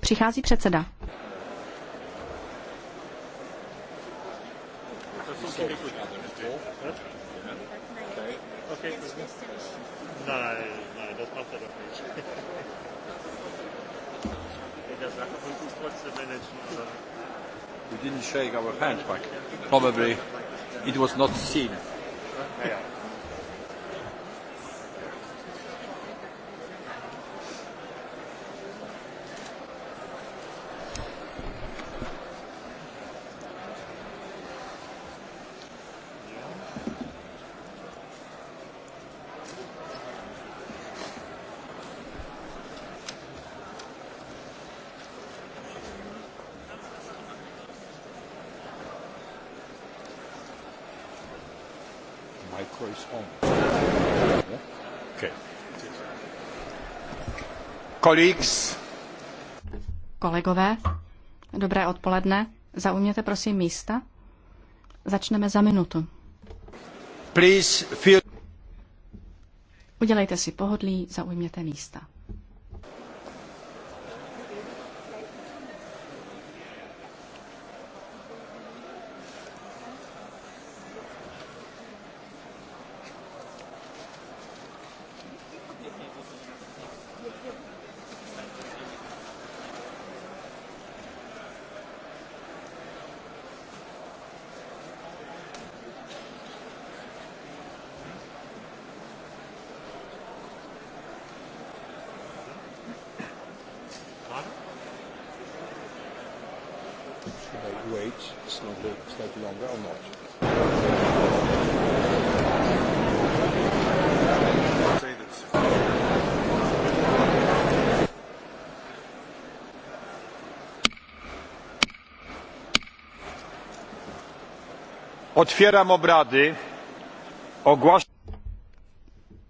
Přichází předseda. We didn't shake our probably it was not seen. Kolegové, dobré odpoledne. Zaujměte prosím místa. Začneme za minutu. Please feel... Udělejte si pohodlí, zaujměte místa. Should wait slightly, slightly longer or not? Otwieram obrady. Ogłaszam.